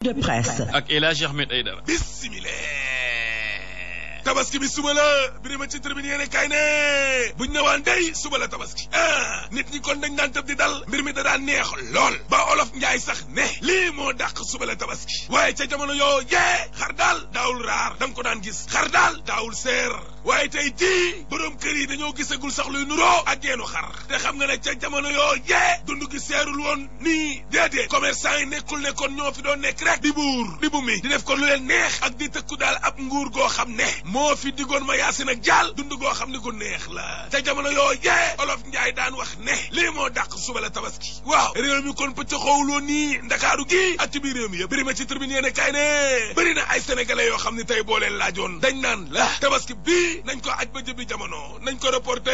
ak El Hadji Ahmed Aïdara bismillah tabaski bi suba la ma ci tribune yéene kay ne buñ ne waan day suba la tabaski ah nit ñi kon dañ daan tëb di dal mbir mi da daan neex lool ba olof njaay sax ne lii moo dàq suba la tabaski waaye ca jamono yoo yee xar daal daawul raar da ko daan gis xar daal daawul seer waaye tey jii borom kër yi dañoo gisagul sax luy nuroo ak geenu xar te xam nga ne ca jamono yoo yee dund gi seerul woon nii déedéet commerçant yi nekkul nekkoon ñoo fi doon nekk rek di buur di bu mi di def kon lu leen neex ak di tëkku daal ab nguur goo xam ne moo fi digoon ma yaasin ak jaal dund goo xam ne ku neex la ca jamono yoo yee olof njaay daan wax ne lii moo dàq suba la tabaski waaw réew mi kon pëcc xawloo nii ndakaaru gi ak ci biir réew mi yëpp ma ci tribune yéene kaay ne bëri na ay sénégalais yoo xam ne tey boo leen laajoon dañ naan la tabaski bii bi nañ ko aj ba jëbi jamono nañ ko reporté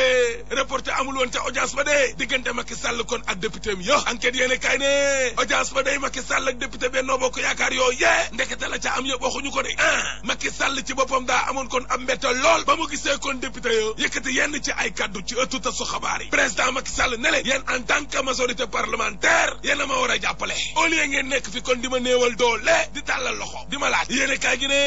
reporté amul woon ca audience ba dee diggante Macky kon ak député am yo enquête yéene kaay ne audience ba day ak député Benno Bokk Yaakaar yoo yee ndekete la ca am yëpp waxuñu ko de ah Macky Sall ci boppam daa amoon kon am mbetta lool ba mu gisee kon député yo yëkkati yenn ci ay kaddu ci ëttu tasu xabaar yi président Macky Sall ne leen yéen en tant yéen a ma war a jàppale au lieu ngeen nekk fi kon di ma néewal doole di tàllal loxo di ma laaj yéene kaay gi ne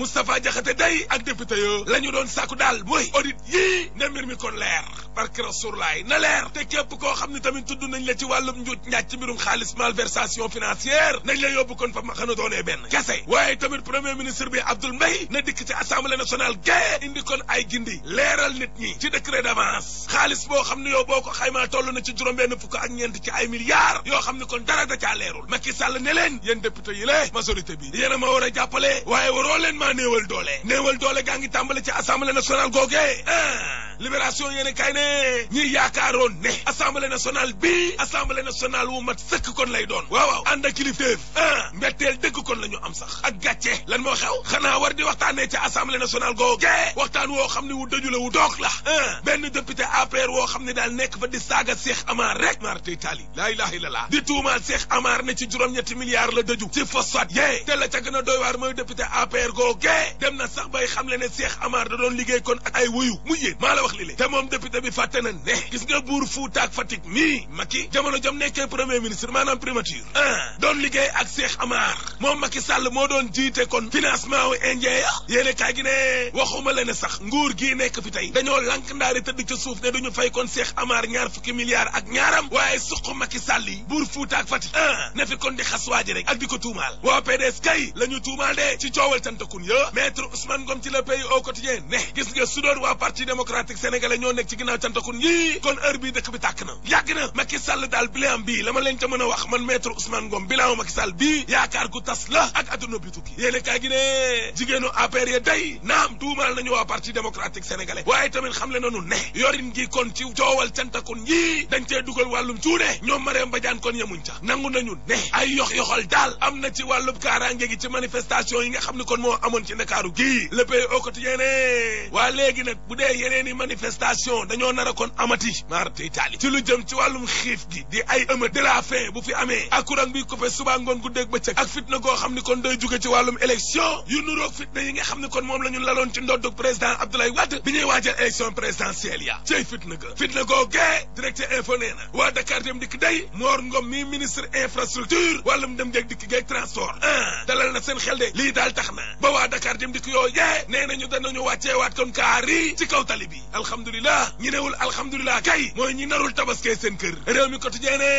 Moustapha Diakhaté day ak député yo la ñu doon sàkku daal mooy audit yii ne mbir mi kon leer barke Rasulaay na leer te képp koo xam ni tamit tudd nañ la ci wàllum njuut njaaj ci mbirum xaalis malversation financière nañ la yóbbu kon fa ma xana doonee benn kese waaye tamit premier ministre bi Abdoul Mbaye na dikk ci assemblée nationale gée indi kon ay gindi leeral nit ñi ci décret d'avance xaalis boo xam ne yow boo ko xaymaa toll na ci juróom benn fukk ak ñeent ci ay milliards yoo xam ne kon dara da caa leerul Macky Sall ne leen yéen député yi lée majorité bi a ma war a jàppale waaye waroo leen maa néewal doole néewal doole gaa ngi tàmbale ci assemblée nationale googee ah libération yéen kay ne ñi yaakaaroon ne assemblée nationale bi assemblée nationale wu mat sëkk kon lay doon waaw waaw ànd ak kilifteef ah mbetteel kon la ñu am sax ak gàcce lan moo xew xanaa war di waxtaanee ca assemblée nationale googe waxtaan woo xam ne wu dëju la wu doog la benn député APR woo xam ne daal nekk fa di saaga Cheikh Amar rek marte Italie laa ilaha illallah di tuumaal Cheikh Amar ne ci juróom-ñetti milliards la dëju ci phosphate yee te la ca gën a doy waar mooy député xam le ne Cheikh Amar da doon kon ak wax li te moom député bi fàtte na ne gis nga buur Fuuta ak mii Macky jamono jam nekkee premier ministre maanaam primature ah doon liggéey ak Cheikh Amar moom Macky Sall moo doon jiite kon financement wu indien ya yéene kaay gi ne waxuma la ne sax nguur gii nekk fi tey dañoo lank ndaari tëdd ca suuf ne duñu fay kon Cheikh Amar ñaar fukki milliards ak ñaaram waaye suq Macky Sall yi buur Fuuta ak ah ne fi kon di xas waaji rek ak di ko tuumaal waa PDS kay politique ñoo nekk ci ginnaaw cantakun yii kon heure bi dëkk bi tàkk na yàgg na Macky Sall daal bilan bi la ma leen ca mën a wax man maître Ousmane Ngom bilan Macky Sall bii yaakaar gu tas la ak adduna bi tukki yéene kaay gi ne jigéenu APR ya day naam tuumaal nañu waa parti démocratique sénégalais waaye tamit xam le nanu ne yorin gi kon ci joowal cantakun yii dañ cee dugal wàllum cuune ñoom Mariam Badiane kon yemuñ ca nangu nañu ne ay yox yoxal daal am na ci wàllub kaaraange gi ci manifestation yi nga xam ne kon moo amoon ci Ndakaaru gii le pays au quotidien ne waa léegi nag bu manifestation dañoo nar a kon amati maarata itaali ci lu jëm ci wàllum xiif gi di ay ëmët de la bu fi amee a courant bi coupé suba ngoon gu dégg bëccëg ak fitna goo xam ni kon day jóge ci wàllum élection yu nuroog fitna yi nga xam ni kon moom la ñu laloon ci ndoddug président Abdoulaye Wade bi ñuy waajal élection présidentielle ya cey fitna ga fitna goo gee direct info nee na waa Dakar dem dikk day Mor Ngom mi ministre infrastructure wàllum dem geeg dikk geeg transport ah dalal na lii daal tax na ba waa Dakar dem dikk yoo yee nee nañu danañu wàcceewaat kon kaar yi ci kaw tali bi alhamdulilah ñi newul alhamdulilah kay mooy ñi narul tabaskee seen kër réew mi quotidien ne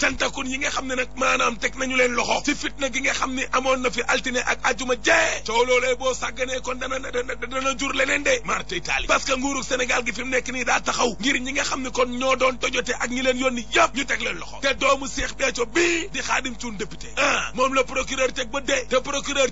cantakun yi nga xam ne nag maanaam teg nañu leen loxo ci fitna gi nga xam ne amoon na fi altine ak ajuma jee coow loolee boo sagganee kon dana jur leneen de marte itali parce que nguuru Sénégal gi fi mu nekk nii daa taxaw ngir ñi nga xam ne kon ñoo doon tojote ak ñi leen yoon yëpp ñu teg leen loxo te doomu Cheikh Béthio bii di Khadim Thioune député ah moom la procureur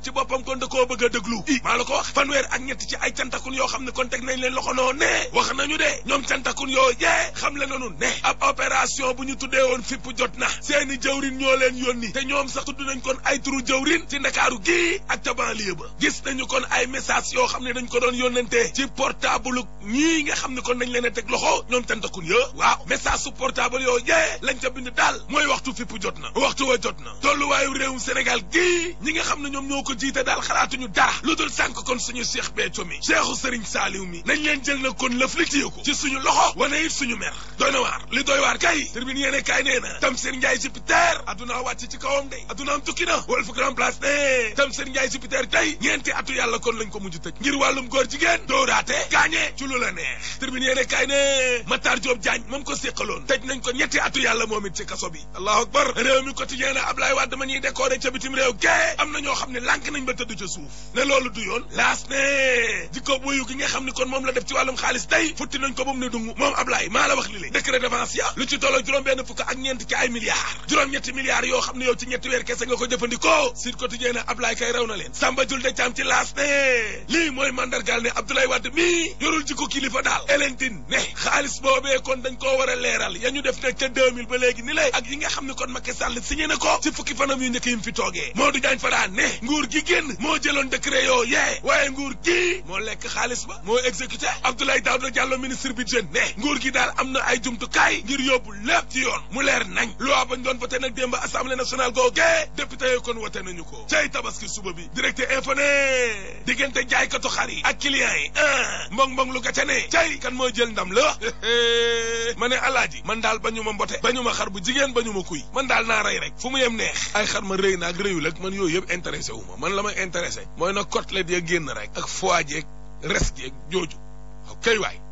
ci boppam kon koo bëgg a déglu i ko wax fanweer ñett ci ay cantakun yoo xam ne kon teg nañ leen loxo noonu ne wax nañu de ñoom cantakun yoo jee xam le nañu ne ab opération bu ñu tuddee woon fipp jot na seeni jëwrin ñoo leen yónni te ñoom sax tudd nañ kon ay turu jëwrin ci ndakaaru gii ak ca banlieue ba gis nañu kon ay message yoo xam ne dañ ko doon yónnante ci portable ñii nga xam ne kon dañ leen a teg loxo ñoom cantakun yo waaw message su portable yoo jee lañ ca bind daal mooy waxtu fipp jot na waxtu wa jot na tolluwaayu réewum Sénégal gii ñi nga xam ne ñoom ñoo ko jiite daal xalaatuñu dara lu dul kon suñu Cheikh Béthio mi Cheikhu Sëriñ mi nañ kon lëf li téye ko ci suñu loxo wane it suñu mer doy na waar li doy waar kay tribune yéene kaay nee na Tamsir Ndiaye Jupiter adduna wàcc ci kawam day addunaam tukki na Walf Grand Place ne Tamsir Ndiaye Jupiter tey ñeenti atu yàlla kon lañ ko mujj tëj ngir wàllum góor jigéen dooraate gaañee ci lu la neex tribune yéene kaay ne Matar Diop moom ko séqaloon tëj nañ ko ñetti atu yàlla moom ci kaso bi allahu akbar réew mi quotidien na Ablaye xam ne lànk nañ ba tëdd ca suuf ne loolu du yoon laas ne jikko buyu gi nga xaalis tey futti nañ ko ba mu ne dungu moom Ablaye maa la wax li lée décret ya lu ci tolloo juróom benn fukk ak ñeent ci ay milliards juróom-ñetti milliards yoo xam ne yow ci ñetti weer kese nga ko jëfandikoo Sud Quotidien ne Ablaye kay raw leen Samba Jul de Caam ci laas ne mooy mandargaal ne Abdoulaye Wade mii yorul jikko kilifa daal Elentine ne xaalis boobee kon dañ ko war a leeral ya ñu def nag ca 2000 ba léegi ni lay ak yi nga xam ne kon Macky Sall signé na ko ci fukki fanam yu njëkk yim fi toogee Modou Diagne Fada ne lekk xaalis ba Abdoulaye Daouda Diallo ministre budget ne nguur gi daal am na ay jumtukaay ngir yóbbu lépp ci yoon mu leer nañ loi bañ doon voté nag démb assemblée nationale googe député yi kon wote nañu ko cay tabaski suba bi directeur info ne diggante jaaykatu xar yi ak client yi a ah, mbong mbong lu gaca ne cay kan mooy jël ndam la ma ne alaaji man daal ba ñu ma mbote ba ñu ma xar bu jigéen ba ñu ma kuy man daal naa rey rek fu mu yem neex ay xar ma rëy naag rëyul ak man yooyu yëpp intéressé wu ma man la may mooy na côtelette ya génn rek ak foie jeeg res jeeg jooju kay waay